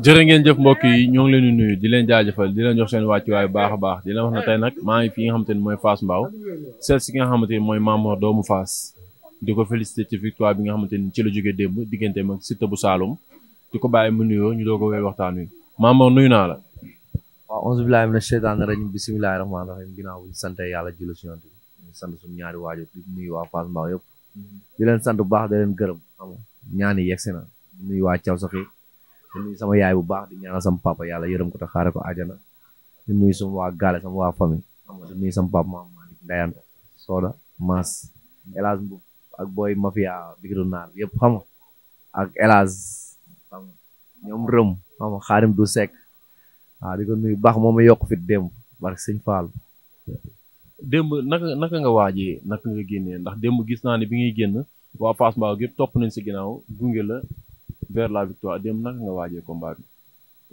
jërë ngeen jëf mbokk yi ñoo ngi leen di nuyu di leen jaajëfal di leen jox seen wàccuwaay bu baax a baax di leen wax na tey nag maa ngi fi nga xamante ni mooy Fass Mbao seet si nga xamante mooy Mamor doomu Fass di ko félicité ci victoire bi nga xamante ni ci la jógee démb digganteem ak Siteu bu Saloum di ko bàyyi mu nuyoo ñu doog ko wéyal waxtaan wi Mamor nuyu naa la. waaw onze billahi mina sheytaani rajim bismillahi rahmaani rahim ginnaaw bu ñu sant yàlla julli si yonent bi sant suñu ñaari waajur di waa Fass Mbao mm-hmm. di leen sant bu baax di leen gërëm xam ñaani yegsi na nuyu waa Thiaw Sakhi di nuyu sama yaay bu baax di ñaanal sama papa yàlla yërëm ko te xaare ko àjjana di nuyu sama waa gaale sama waa famille xam nga sama papa maam Malick Ndayanta Soda Maas Elage Mboub ak booy mafia bigiru xam nga ak Elage xam nga ñoom baax moom a yokk fit démb barke sëñ Fall démb naka naka nga waajee naka nga génnee ndax demb gis naa ne bi ngay génn waa Fass Mbaw yëpp topp nañ si ginnaaw gunge la vers la victoire démb naka nga waajee combat bi.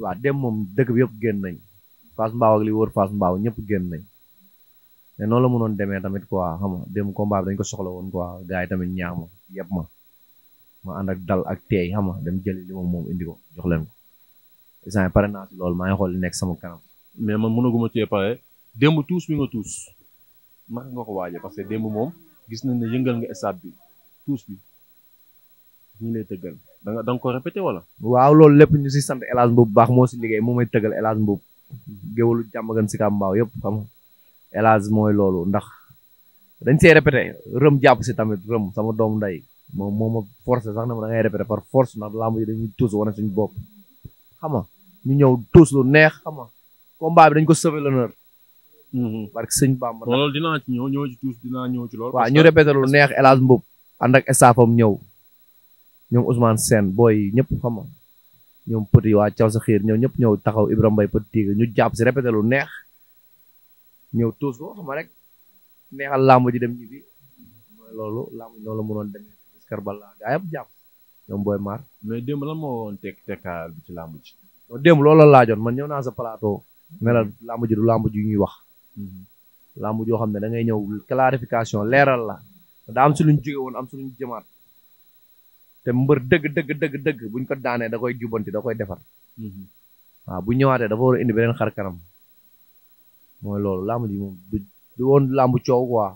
waaw démb moom dëkk bi yëpp génn nañ Fass Mbao ak li wër Fass Mbao ñëpp génn nañ te noonu la mënoon demee tamit quoi xam nga démb combat bi dañ ko soxla woon ko gars yi tamit ñaax ma yëpp ma ma ànd ak dal ak teey xam nga dem jëli li moom moom indi ko jox leen ko. sànq pare naa si loolu maa xool li nekk sama kanam. mais man mënaguma cee pare démb tuus bi nga tuus naka nga ko waajee parce que démb moom gis nañ ne yëngal nga stade bi tuus bi ñu lay tëggal. da nga da nga ko répété wala. waaw loolu lépp ñu si sant El Hadj bu baax moo si liggéey moo may tëggal El Hadj Mbuub géwalu jàmmagan si kàmbaaw yëpp xam nga El Hadj mooy loolu ndax dañ see répété rëm jàpp si tamit rëm sama doom nday moom moom ma forcé sax ne ma da ngay répété par force ndax làmb ji dañuy tuus wane suñu xam nga ñu ñëw tuus neex xam nga dañ ko sauver l'honneur mm-hmm. sëñ Bamba loolu dinaa ci ñëw ñëw ñëw ci loolu waaw ñu répété neex El Hadj Mbuub ànd ak ñëw ñoom Ousmane Sène booy ñëpp xam nga ñoom Petit waa Thiaw sa xiir ñoom ñëpp ñëw taxaw Ibrahima Mbaye Petit Tigre ñu jàpp si répété neex ñëw tuus ko xam rek neexal làmb ji dem ñibbi mooy loolu la mënoon demee Fiskar Balla gaa jàpp ñoom booy maar. mais démb lan moo woon ci làmb ji. non démb loolu laajoon man ñëw naa sa plateau. ne la làmb ji du làmb ji ñuy wax. Mhm. làmb joo xam ne dangay ngay ñëw clarification leeral la daa am si luñ jóge woon am si luñ jëmaat. te mbër dëgg dëgg dëgg dëgg bu buñ ko daanee da koy jubbanti da koy defar mhm. waaw bu ñëwaatee dafa war a indi beneen xar kanam mooy loolu làmb ji moom du du woon làmb coow quoi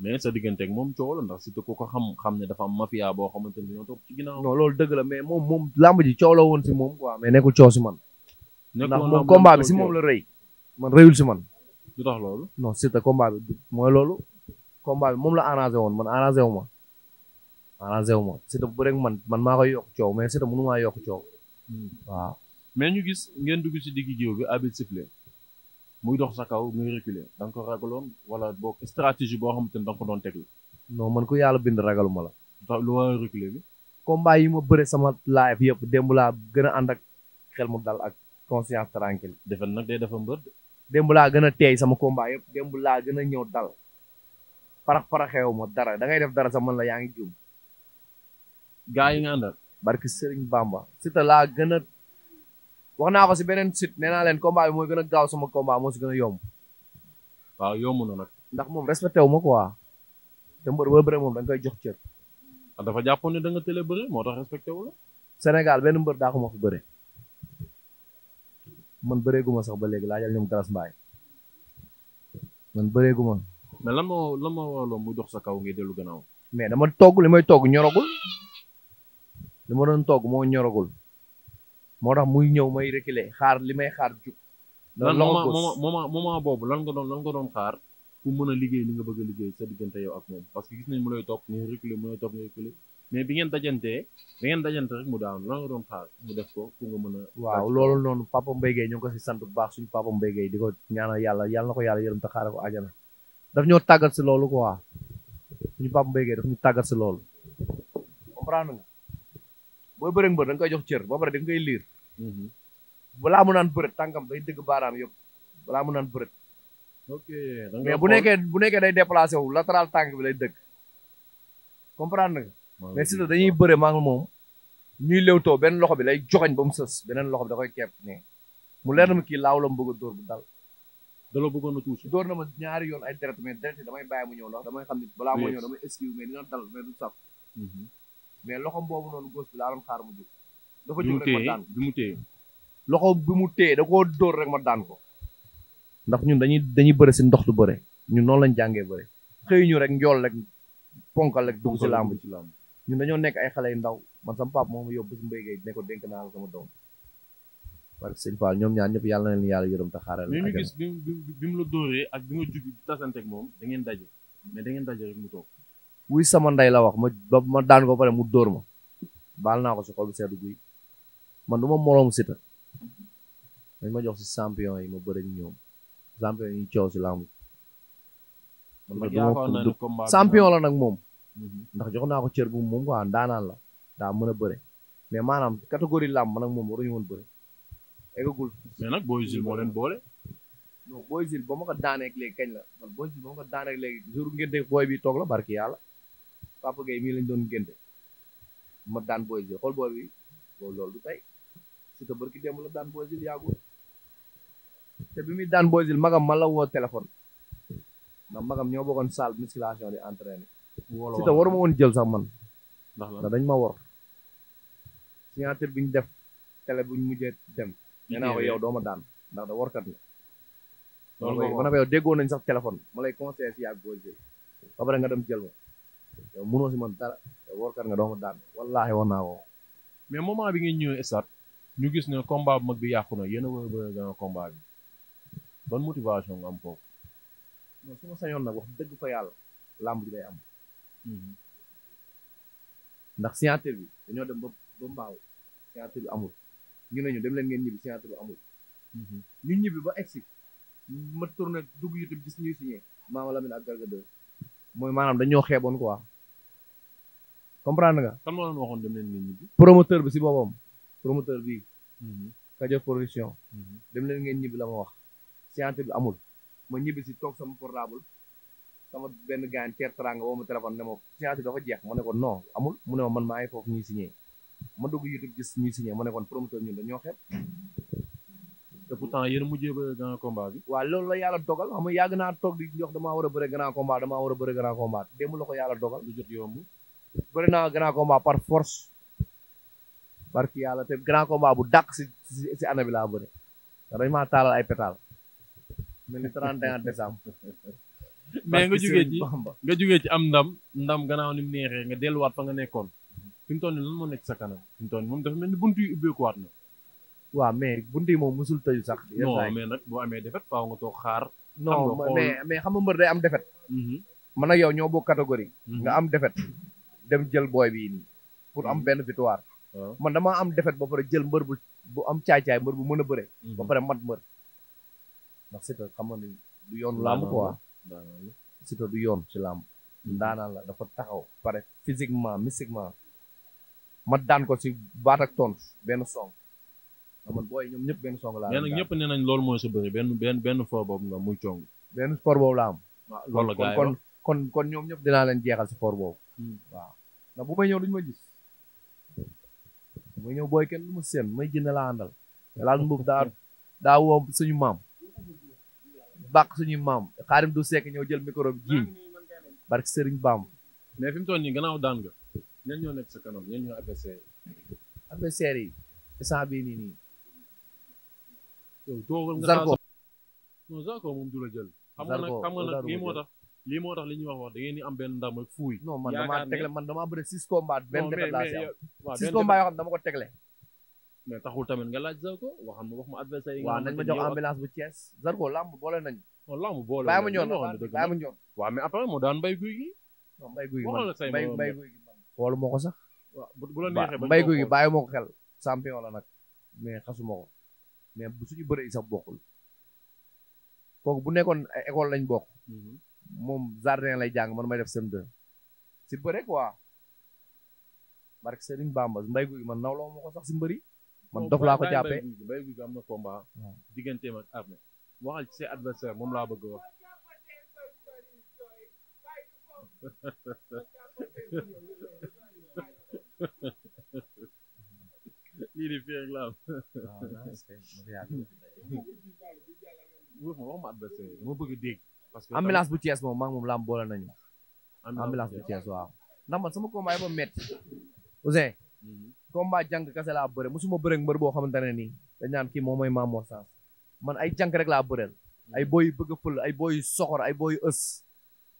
mais sa digganteeg moom coow ndax surtout ko xam xam ne dafa am mafia boo xamante ni ñoo topp ci ginnaaw non loolu dëgg la mais moom moom làmb ji coow la woon si moom quoi mais nekkul coow si man ndax moom combat bi si moom la rey man rëyul si man du tax loolu non c'est que mooy loolu combat bi moom la arrangé woon man arrangé wu ma arrangé wu ma Siteu bu rek man man maa koy yokk coow mais Siteu mënu maa yokk coow waaw mais ñu gis ngeen dugg ci digg géew bi abit muy dox sa kaw muy da nga ko ragaloon wala boog stratégie boo xamante ne da nga ko doon teg yàlla bind ragaluma la lu waa reculer bi combat yi ma bëre sama live yëpp demb laa gën a ànd ak xel mu dal ak conscience tranquille defe nag day dafa mbër démb laa gën a teey sama combat yëpp demb laa gën a ñëw dal parax paraxeewu ma dara da ngay def dara sa man la yaa ngi juum gaa yi nga àndal barki Serigne Bamba Siteu laa gën wax naa ko si beneen site nee naa leen combat bi mooy gën a gaaw sama combat moo si gën a yomb. waaw yomb na nag. ndax moom respecté wu ma quoi te mbër ba bëre moom da koy jox cër. Ah, dafa jàppoon ne da nga télé bëre moo tax respecté wu la. benn mbër daa ko ma fi bëre man bëreeguma sax ba léegi laajal ñoom Galas Mbaye man bëreeguma. mais lan moo lan moo waraloon mu dox sa kaw ngi dellu gannaaw. mais dama togg li may togg ñoragul. li ma doon togg moo ñoragul moo tax muy ñëw may reculer xaar li may xaar jug. lan moment moment boobu lan nga doon lan nga doon xaar ku mën a liggéey li nga bëgg liggéey sa diggante yow ak moom parce gis nañ mu lay topp ngay reculer mu lay topp ngay reculer mais bi ngeen dajantee bi ngeen dajante rek mu daanu lan nga doon xaar mu def ko ku nga mën a. waaw loolu noonu papa Mbaye Guèye ko si sant bu baax suñu papa Mbaye Guèye di ko ñaanal yàlla yàlla yàlla yërëm te xaare ko àjjana daf ñoo tàggat si loolu quoi suñu papa Mbaye Guèye daf ñu tàggat si loolu booy bëreeg mbër da nga koy jox cër ba pare da nga koy liir mhm. balaa mu naan bërët tànkam day dëgg baaraam yëpp balaa mu naan bërët ok mais bu nekkee bu nekkee day déplacé wu latéral tànk bi lay dëgg comprendre nga mais si dañuy bëre maa ngi moom ñuy léewtoo benn loxo bi lay joxañ ba mu sës beneen loxo bi da koy ne mu leer na ma kii laaw la mu bëgg a bu dal da la bëggoon a tuuti dóor na ma ñaari yoon ay deret mais deret yi damay bàyyi mu ñëw damay xam ni balaa moo ñëw damay esquive mais dina dal mais du saf mhm. mais loxo boobu noonu gos bi laa doon xaar mu jóg. dafa jóg bi mu téye loxo bi mu téye da koo dóor rek ma daan ko. ndax ñun dañuy dañuy bëre si ndox lu bëre ñun noonu lañ jàngee bëre xëy ñu rek njool rek ponkal rek dugg si làmb ci làmb ñun dañoo nekk ay xale yu ndaw man sama pap moom yóbbu si mbéy ne ko dénk naa la sama doom. parce que sëñ Fall ñoom ñaar ñëpp yàlla na leen yàlla yërëm te xaaral la. ñu gis bi mu la dóoree ak bi nga jug tasanteeg moom da ngeen daje mais da ngeen daje mu toog wuy sama ndey la wax ma ba ma daan ko pare mu dóor ma baal naa ko si xol bu sedd guy man du ma moroomu Siteu ma jox si champion yi ma bëre ak ñoom champion yi ñu coow si làmb champion la nag moom mhm. ndax jox naa ko cër bu moom quoi daanaan la daa mën a bëre mais maanaam catégorie làmb nag moom waruñu woon bëre eggagul mais nag Boy Jules moo leen boole non Boy Jules ba ma daanee léegi kañ la man Boy Jules ba ma ko daanee léegi jour ngeen dégg bi toog la barki yàlla Papa Gueye mii lañ doon génte ma daan Boy Jules xool boobu boobu loolu du tey si te barki démb la daan Boy Jules yàggul te bi muy daan Boy Jules magam ma la woo téléphone ndax magam ñoo bokkoon salle musculation di entraîné si te waruma woon jël sax man ndax dañ ma war signature bi ñu def télé buñ mujjee dem nee naa ko yow doo ma daan ndax da warkat nga man a ko yow nañ sax téléphone ma lay conseillé si yàgg Boy Jules ba pare nga dem jël ma yow mënoo si man dara yow nga doo ma daan wallaahi war naa woo. mais moment bi ngeen ñëwee stade ñu gis ne combat bu mag bi yàqu na yéen a war a bëri gànnaaw combat bi ban motivation nga am foofu. su ma sañoon nag wax dëgg fa yàlla làmb ji day am. Mhm. ndax signature bi dañoo dem ba ba mbaaw signature bi amul ñu ne ñu dem leen ngeen ñibbi signature bi amul. Mhm. ñu ñibbi ba egsi ma tourné dugg YouTube gis ñuy signé Maama Lamine ak Garga mooy maanaam dañoo xeeboon quoi comprendre nga. kan moo leen waxoon dem leen ngeen ñibbi. bi si boppam promoteur bi. Mhm. Kajoor production. Mhm. dem leen ngeen ñibbi la ma wax. scientifique bi amul. ma ñibbi si toog sama portable sama benn gaan ceer teranga woo ma téléphone ne ma scientifique dafa jeex ma ne ko non amul mu ne ma man maa ngi foofu ñuy signé ma dugg YouTube gis ñuy signé ma ne kon promoteur ñun dañoo xeeb. te pourtant yéen a mujjee bëre grand combat bi loolu la yàlla dogal xam nga yàgg naa toog di jox damaa war a bëre grand combat damaa war a bëre grand combat yàlla dogal lu jot yomb bëri naa grand combat par force barki yàlla te grand combat bu dàq si si année bi laa bëre te dañ maa taalal ay pétale mel ni 31 décembre mais nga jógee ci nga jógee ci am ndam ndam gannaaw ni mu neexee nga delluwaat fa nga nekkoon fi mu toll nii lan moo nekk sa kanam fi mu moom dafa mel ni buntu yi ubbeekuwaat na waaw mais bunt yi moom musul sax. non mais nag boo amee defet faaw nga toog xaar. non mais mais xam nga mbër day am defet. Mhm. man ak yow ñoo bokk catégorie. Mhm. nga am defet dem jël booy bii nii. pour am mhm. benn victoire. man dama am defet ba pare jël mbër bu bu am caay-caay mbër bu mën a bëre. ba pare mat mbër. ndax Siteu xam nga ni du yoon làmb quoi. Siteu du yoon ci làmb. daanaan la dafa taxaw pare physiquement mystiquement mat daan ko si baat ak benn song. man booy ñoom ñëpp benn song laa am. ñëpp nee loolu mooy sa bëri benn benn benn for boobu nga muy cong. benn for boobu laa am. Ah, waaw loolu kon kon ñoom ñëpp dinaa leen jeexal si for boobu. Hmm. waaw ndax bu may ñëw duñu ma gis. ñëw booy kenn du seen may jënd laa àndal. daa woo suñu maam. bàq suñu maam xaarim du sekk ñëw jël micro bi jiiñ Sëriñ baam mais fi mu toll nii gannaaw daan nga. ñan ñoo nekk sa kanam ñan ñoo adversaire yi. adversaire yi instant bii nii nii. yow toogal nga Zarko non Zarko moom du la jël xam nga nag xam nga nag lii moo tax lii moo tax li ñuy wax wax da ngeen di am benn ndam ak fuuy non man damaa tegle man damaa bëri six combats benn défaite laa si am six combats yoo xam dama ko tegle mais taxul tamit nga laaj Zarko waxam ma wax ma adversaire yi waaw nañ ma jox ambulance bu Thiès Zarko làmb boole nañu non làmb boole bàyyi ma ñoon bàyyi ma ñoon waaw mais après moo daan mbay guy gi non mbay guy gi man mbay guy gi man xoolu moo ko sax waaw bu la neexee mbay guy gi bàyyi moo ko xel champion la nag mais xasuma ko mais bu suñu bëree sax bokkul kooku bu nekkoon école lañ bokk. Mhm. moom jardin lay jàng man may def sem deux si bëre quoi barke Serigne Bamba mbay guy man nawloo ma ko sax si mbëri man dof laa ko jàppee am na combat digganteem ak armée moom laa bëgg wax lii di fii ak laaw. parce que ambulance bu Thiès moom maa ngi moom laam na nañu. ambulance bu Thiès waaw. ndax man sama combat yi ba métti. Ouzin. Mhm. combat jànk kese laa bëre musuma bëre ak mbër boo xamante ne nii. dañ naan kii moom mooy Mamour Sans man ay jànk rek laa bëreel. Mhm. ay booy yu bëgg fël ay booy yu soxor ay booy yu ës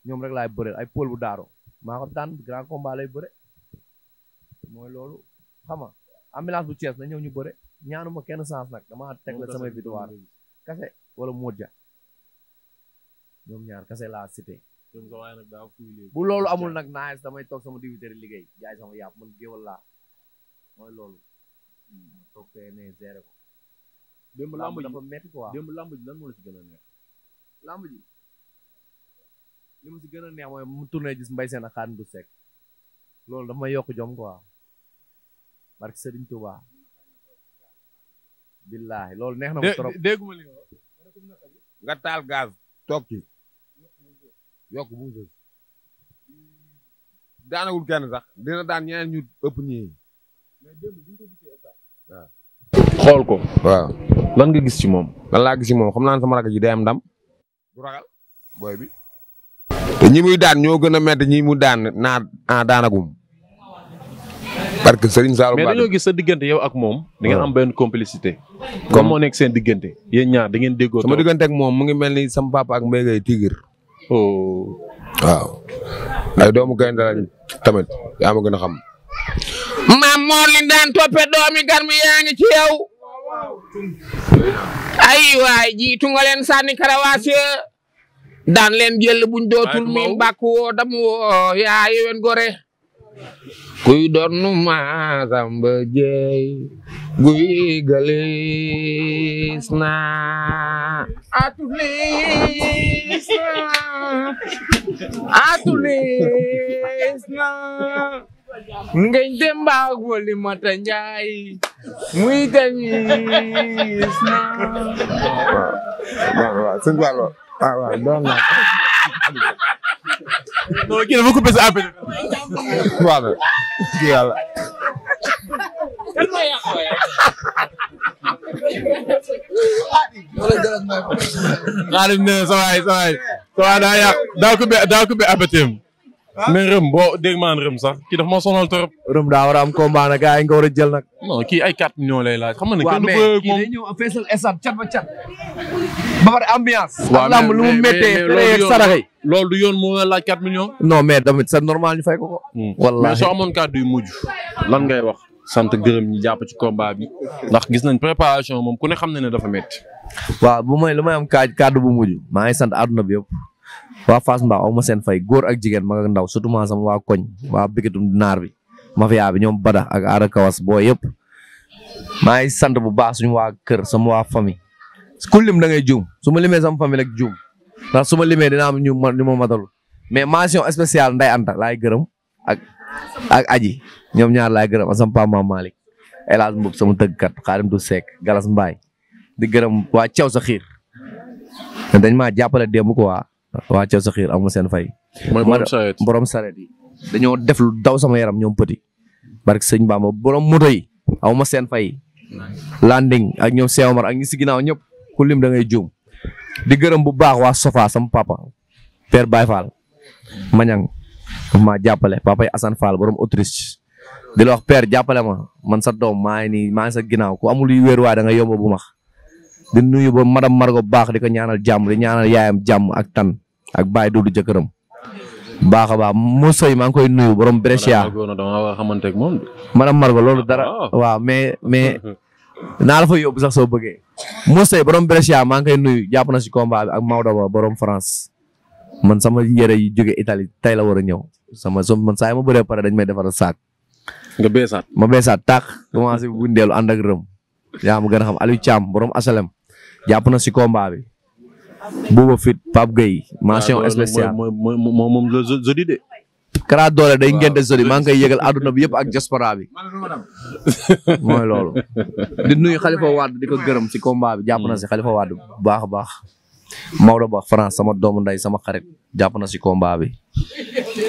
ñoom rek laa bëreel ay pôl bu daaro maa ko daan grand combat lay bëre mooy loolu xam ambulance bu Thiès na ñëw ñu ñaan ñaanuma kenn sens nag damaa teg la samay victoire kase wala Modja ñoom ñaar kase laa cité bu loolu amul nag naes samay toog sama diwiteri liggéey jaay sama yàpp man géwal laa mooy loolu toog fee ne géré ko démb lamb la si gën a lamb ji si gën a neex mooy gis mbay seen a xaan du sec loolu yokk jom barke loolu neex na ma li nga taal gaz toog ci yokk bu mu sës kenn sax dina daan ñeneen ñu ëpp ñii waaw xool ko waaw lan nga gis ci moom lan laa gis ci moom xam naa sama ragal ji day am ndam du ragal booy bi te ñi muy daan ñoo gën a metti ñi mu daan naa ah, daanagum parce que Serigne Saloum mais dañoo gis sa diggante yow ak moom. da ngeen ah. am benn complicité. comme moo nekk seen diggante yéen ñaar da sama diggante ak moom mu ngi mel ni sama papa ak Mbaye Gueye Tigre. oh. waaw. ay doomu gaynde lañ tamit yaa ma gën a xam. maam daan toppee doomi garmi ngi ci yow. jiitu nga leen sànni karawaas ya daan leen jël buñ dootul miin bàkk woo dam woo yaa gore. kuy doonu maasamba jeey guy galis na atulis na atulis na ngay dembaag wali mata njaay muy tamis na waaw waaw waaw sëñ non kii dafa coupé sa appel. waaw mais kii yàlla. xaaral ne sa waay sa waay sa waay daa yàq daa coupé daa coupé appel Ah. mais rëm boo dégg maan rëm sax kii daf ma sonal trop. rëm daa war a am combat nag yi nga war a jël nag. non kii ay 4 millions lay laaj. xam nga ne kenn du ba cat. ba pare ambiance. lu mu méttee sarax yi. loolu du yoon moo laaj 4 millions. non mais tamit c'est normal ñu fay ko ko. Hmm. wallaahi soo amoon kàddu yu mujj. lan ngay wax. sant gërëm ñi jàpp ci combat bi. ndax gis nañ préparation moom ku ne xam na ne dafa métti. waaw bu may lu may am kaaj bu mujj maa ngi sant àdduna bi yëpp waa Fass Mbao aw ma seen fay góor ak jigéen mag ndaw surtout ma sama waa koñ waa bikitum naar bi mafia bi ñoom Bada ak Aada Kawas boo yëpp maa ngi sant bu baax suñu waa kër sama waa famille ku lim da ngay juum su ma limee sama famille rek juum ndax ma limee dina am ñu ma ma matalu mais mention spéciale Ndeye Anta laay gërëm ak ak aji ñoom ñaar laay gërëm ak sama papa Malick El Hadj Mboub sama tëggkat Xaadim du Seck Galas Mbaye di gërëm waa Thiaw sa xiir dañ maa waa Thiel sa xiir amul seen fay. mooy borom sareet borom sareet yi. dañoo def lu daw sama yaram ñoom petit. barke sëñ Bamba borom moto yi amuma seen fay. landing ak ñoom Cheikh Omar ak ñi si ginnaaw ñëpp ku lim da ngay juum. di gërëm bu baax waa Sofa sama papa. Père Baye Fall. Mañang ma jàppale papa yi Assane Fall borom Autriche. di la wax peer jàppale ma man sa doom maa ngi nii maa sa ginnaaw ku amul yu wér waaye da nga yomb bu max di nuyu ba madame Margo baax di ko ñaanal jàmm di ñaanal yaayam jàmm ak tan ak Baye Doudou jëkkëram baax a baax moo sëy maa ngi koy nuyu borom Brescia madame Margo loolu dara ah. waaw mais mais naa la fa yóbbu sax soo bëggee moo sëy borom Brescia maa ngi koy nuyu jàpp na si combat bi ak Maodo ba borom France man sama yére yi juge itali tey la war a ñëw sama so man saa yi ma pare dañ may defar saak nga beesaat ma beesaat tàq commencé bu ndeelu ànd ak rëm yaa ma gën a xam Aliou Thiam borom asalem jàpp na si combat bi Bouba Fit Pape Gueye. mention spéciale waaw moom moom moom la jeudi de. Kara Dollé day ngente jeudi maa ngi koy yëgal àdduna bi yëpp ak diaspora bi. mooy loolu. di nuyu Khalifa Wade di ko gërëm ci combat bi jàpp na ci Khalifa Wade bu baax a baax. Maodo Ba France sama doomu nday sama xarit jàpp na ci combat bi.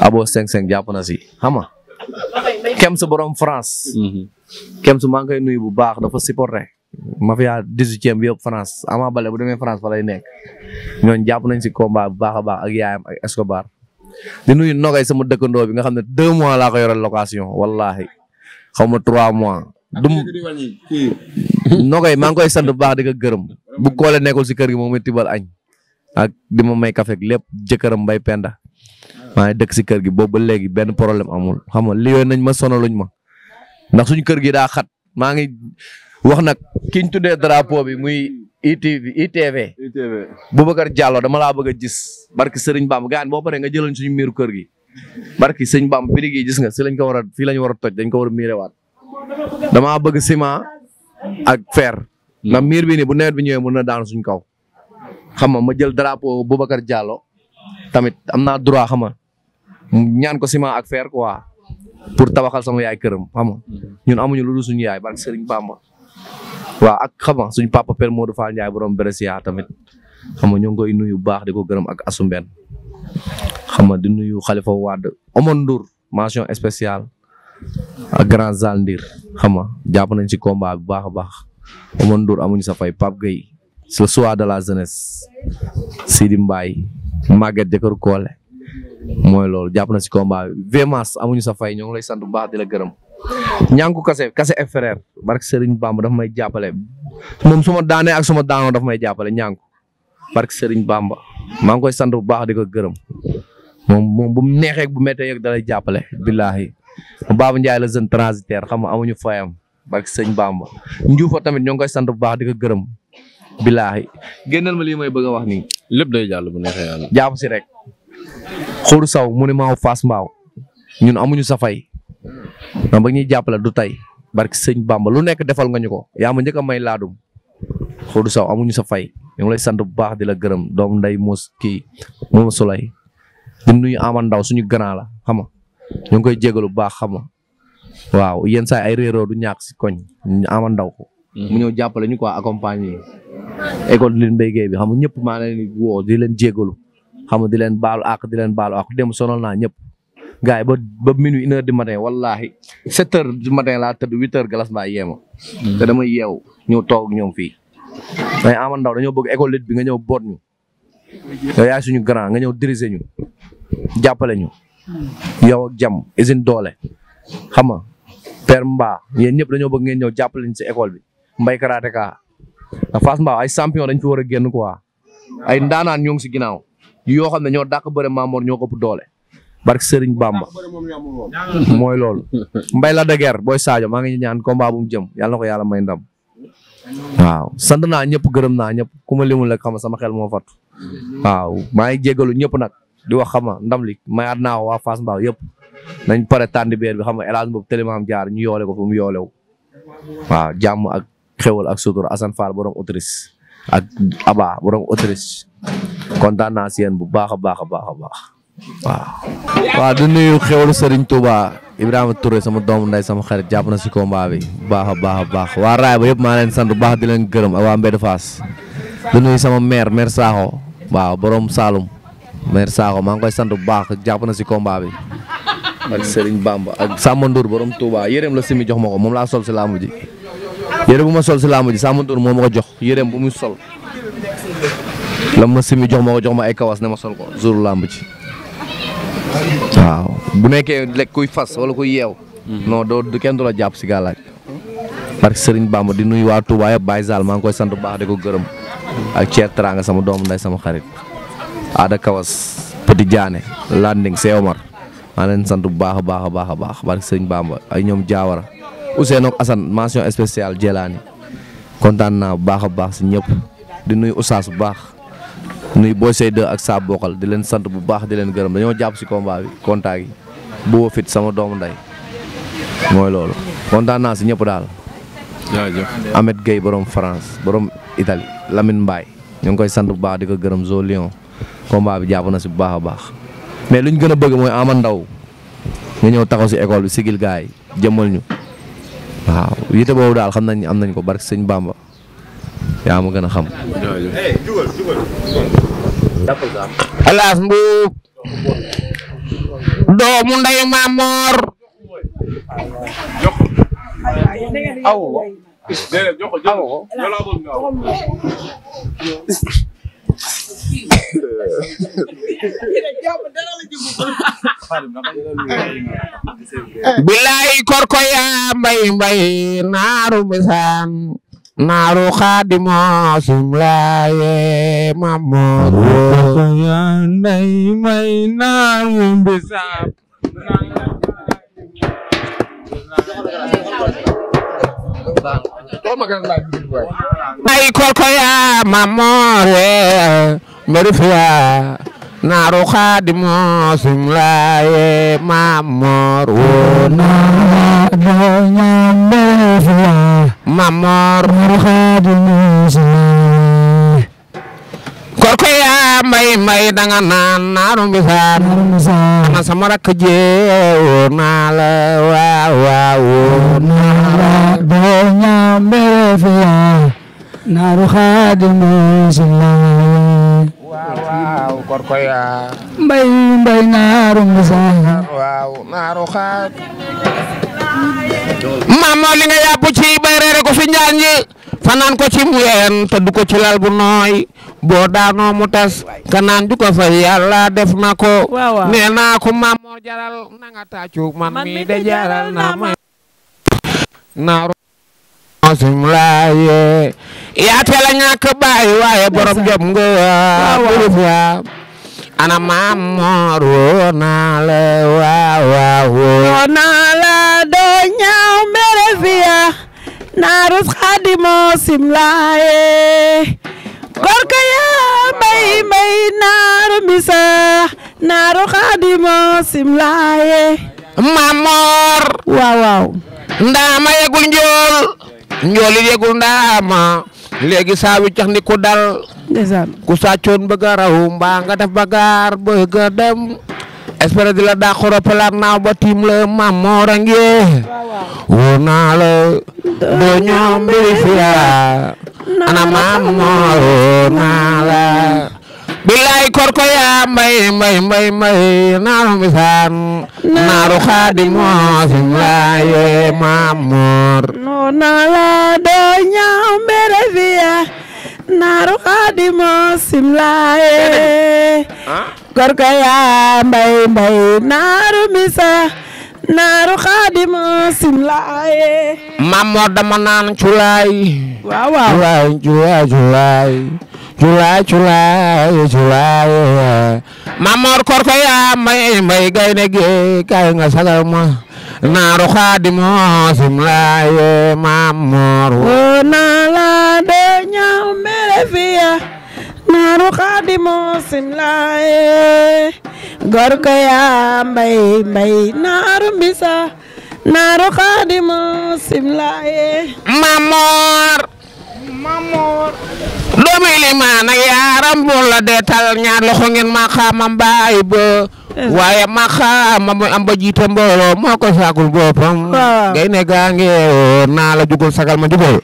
Abo 55 jàpp na ci xam nga. Kems borom France. Mhm. Kems maa ngi koy nuyu bu baax dafa supporté. mafia dix-huitième bi yëpp France Ama Baldé bu demee France fa lay nekk ñooñu jàpp nañ si combat bu baax a baax ak yaayam ak Escobar di nuyu nogay sama dëkkandoo bi nga xam ne deux mois laa ko yoral location wallahi xaw ma trois mois. du nogay maa ngi koy sant baax di ko gërëm bu koole nekkul si kër gi moom mi tibal añ ak di ma may kafek lépp jëkkëram bay penda maa ngi dëkk si kër gi boobu ba léegi benn problème amul xam ma li nañ ma sono sonaluñ ma ndax suñu kër gi daa xat wax nag ki ñu tuddee drapeau bi muy ITV ITV. ITV Boubacar Diallo dama laa bëgg a gis barki Serigne Bamba gaan boo paree nga jëloon suñu miiru kër gi barki Serigne Bamba birig yi gis nga si lañ ko war a fii lañ war a toj dañ ko war a miirewaat damaa bëgg ciment ak fer. ndax miir bi nii bu nawet bi ñëwee mën na daanu suñ kaw. xam nga ma jël drapeau Boubacar jalo tamit am naa droit xam ñaan ko ciment ak fer quoi pour tabaxal sama yaay këram xam nga ñun amuñu lu dul suñu barki Serigne Bamba. waaw ak xam nga suñ papa Père Modou Fall Ndiaye borom Brescia tamit xam nga ñoo ngi koy nuyu bu baax di ko gërëm ak Asumben xam nga di nuyu Khalifa Wade Omar Ndour mention spéciale ak grand Zal Ndir xam nga jàpp nañ si combat bu baax a baax Omar Ndour amuñu sa fay Pape Gueye le soir de la jeunesse Sidi Mbaye Maguette Jëkkër Koole mooy loolu jàpp na si combat bi Vémas amuñu sa ñoo ngi lay sant bu baax di la gërëm. ñànku kase kase et frère barke Serigne Bamba daf may jàppale moom suma daanee ak suma ma daanoo daf may jàppale ñànku barke Serigne Bamba maa ngi koy sant bu baax di ko gërëm moom bu neexee bu méttee yeeg dalay jàppale billaahi Baba Ndiaye la jeune transitaire xam nga amuñu fayam barke Serigne Bamba njuufa tamit ñoo ngi koy sant bu baax di gërëm billaahi génnal ma lii may bëgg a wax nii. lépp day jàll bu si rek. xóoru saw mu ne maaw faas mbaaw ñun amuñu safay Mm. non ba ñuy jàppale du tey barki sëñ Bamba lu nekk defal nga ñu ko yaa ma njëkk may laadum Xodou saw amuñu sa fay ñu ngi lay sant bu baax di la gërëm doom nday mos kii moom Souley di nuyu Amane Ndaw suñu grand la xam nga ñu ngi koy jégalu bu baax xam nga waaw yenn saa ay réeroo du ñàkk si koñ Amane Ndaw ko mm. mu ñëw jàppale ñu quoi accompagner école leen béygéey bi xam nga ñëpp maa leen woo di leen jégalu xam nga di leen baal àq di leen baalu àq dem sonal naa ñëpp gars yi ba ba minuit une heure du matin wallahi sept heures du matin laa tëdd huit heures galas mbaa yeema mm. te dama yeew toog ñoom fii mais Ama Ndaw dañoo bëgg école bi nga ñëw boot ñu yaay suñu grand nga ñëw diriger ñu jàppale ñu yow ak jam usine doole xam nga père Mba yéen ñëpp dañoo bëgg ngeen ñëw jàppale ñu si école bi mbay karaate kaa Fass Mba ay champion dañ fi war a génn quoi ay ndaanaan ñoo ngi si ginnaaw yoo xam ne ñoo dàq bëre Mamor ñoo ko ëpp doole barke Serigne Bamba mooy lool Mbay la de booy Sadio maa ngi ñaan combat bu mu jëm yàlla ko yàlla may ndam waaw sant naa ñëpp gërëm naa ñëpp ku ma limul rek xam sama xel moo fat waaw maa ngi jégalu ñëpp nag di wax xama ndam li mayaat naa waa Fass Mbao yëpp nañ pare tànn beer bi xam nga élage boobu télémaam jaar ñu yoole ko fu mu yoolew waaw jàmm ak xewal ak sutur Assane Fall borom autrice ak Aba borom autrice kontaan naa si bu baax a baax a baax a baax. waaw. waaw di nuyu xewlu Serigne Touba Ibrahima sama doomu nday sama xarit jàpp na si combat bi baax a baax a baax waa raay ba yëpp maa leen sant bu baax di leen gërëm ak waa Mbedd faas di nuyu sama maire maire Sakho waaw borom saalum maire Sakho maa ngi koy sant bu baax jàpp na si combat bi. ak Serigne Bamba ak Samba Ndour borom tuubaa yéreem la simi jox ma ko moom laa sol si laamu ji yére bu ma sol si laamu ji Samba Ndour moo ma ko jox yéreem bu muy sol. la ma simi jox ma ko jox ma ay kawas ne sol ko jour làmb ji waaw bu nekkee lekk kuy fas wala kuy yeew. Mhm. noo doo du kenn du jàpp si gàllaaj parce que Serigne Bamba di nuyu waa Touba yëpp Baye maa ngi koy sant baax di ko gërëm. ak Thierry Teraanga sama doom nday sama xarit. Ada Kawas Petit Diané Landing Sewmar maa leen sant bu baax a baax a baax a baax parce que Serigne ay ñoom Diawara Ousseynou ak Assane mention spéciale Jelaani kontaan naa bu baax a baax si ñëpp di nuyu Oustaz baax. nuy Boy Seye 2 ak Sa Bokkal di leen sant bu baax di leen gërëm dañoo jàpp si combat bi contact yi bu fit sama doomu nday mooy loolu kontaan si ñëpp daal. jaajëf Ahmed boroom France borom Italie lamin Mbaye ñoo ngi koy sant bu baax di ko gërëm Zo Lion combat bi jàpp na si bu baax a baax mais luñ gën a bëgg mooy Ama Ndaw nga ñëw taxaw si école bi sigil gars yi jëmmal ñu waaw yite boobu daal xam nañ am nañ ko barke sëñ Bamba. yaa ma gën a xam. Alas Mbuub doomu nday Maamoor aw bilaay korko yaa mbay mbay naaru misaan naaru xaadimo sumlaaye mamoru ya nday may naar mum bisaab ay kolkoya mamore eh, merifiya naaru Xaadimu Simlaay Maam Moor woo naa doy ñam beefla Maam Moor naaru yaa mbay mbay danga naan naaru mbisaan ana sama rakk jeewoo naa la waaw waaw naara doy ñam waaw ah. mbay mbay naaru mbusa waaw maam moo li nga yàpp ci bay reere ko fi njaan fanaan ko ci muyeen te du ko ci lal bu nooy boo daanoo mu tas kanaan du ko fay def na ko nee naa maam moo jaral nanga tàccu man mi de jaral naa ma naaru Xaasim Laaye yaa teel a ñàkk baay waaye borom jom nga waaw ana maam woo naa la waaw waaw woo naa la doo ñaaw mere fiya naarus xadimoo sim laaye gorka yaa mbay mbay naaru misa naaru xadimoo sim laaye maam Moor waaw waaw ndaa ma yegul njool njooli yegul ndaama léegi saa wi cax ni ku ku sàccoon bëgg a raw mbaa nga def bagaar bëgg a dem espéré di la daa xoro ba tiim la maam moo rangee naa la doo ñoom mbiri fi ana maam moo naa la korko yaa mbay mbay mbay naaru mbisaan naaru xaadimo simlaaye maamoor nuuna la doo ñaaw mbere fiya naaru xaadimo simlaaye ah? korko yaa mbay mbay naaru mbisa naaru xaadimo simlaaye maamoor dama naan culaay waaw waaw culaay culaay culaay eh. Mamor Korko yaa may may gaynde gi kay nga ma naaru Xaadimu simlaay eh, Mamor woo oh, naa la de ñaaw mere fiya naaru Xaadimu simlaay Gorko eh. yaa mbay mbay naaru mbisa naaru Xaadimu simlaay Mamor Mamor doomi limaan yaaram bu la deetal ñaar loxo ngeen maqaamam baay ba waaye maqaamam am ba jiite mbooloo moo ko saagul boppam gay ne gaa ngi naa la jugul sagal ma jubal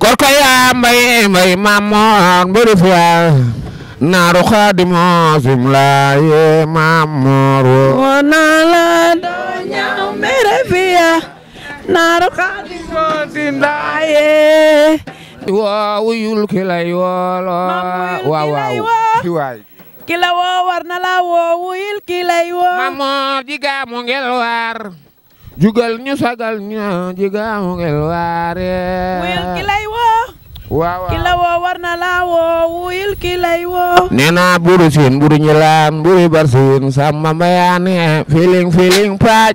kor ko yaa mbay mbay maamoon mbëri fi naaru xaadimo sim laaye maamoor wo naa la doña mbëri fi naaru xaadimo sim laaye waaw yul ki woo war na la wuyul ki lay woo mamoo jiga mu ngel waar jugal ñu sagal ñu jiga mu ngel waar wuyul ki woo waaw woo war na la woo wuyul ki woo nee naa buru siin buru ñilaan buru barsiin sama mayaane feeling feeling paaj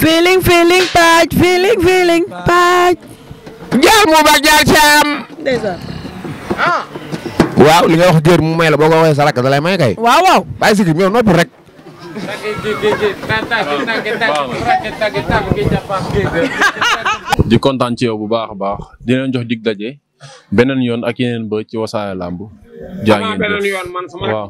feeling feeling paaj feeling feeling paaj jaar mu ba jaar caam. ndeysaan. Ah. waaw li nga wax jër mu may la boo ko waxee sa rakk da lay may kay. waaw waaw bàyyi si yow noppi rek. di kontaan ci yow bu baax a baax di jox dig daje beneen yoon ak yeneen ba ci Wassare Lamb. jaa ngeen waaw.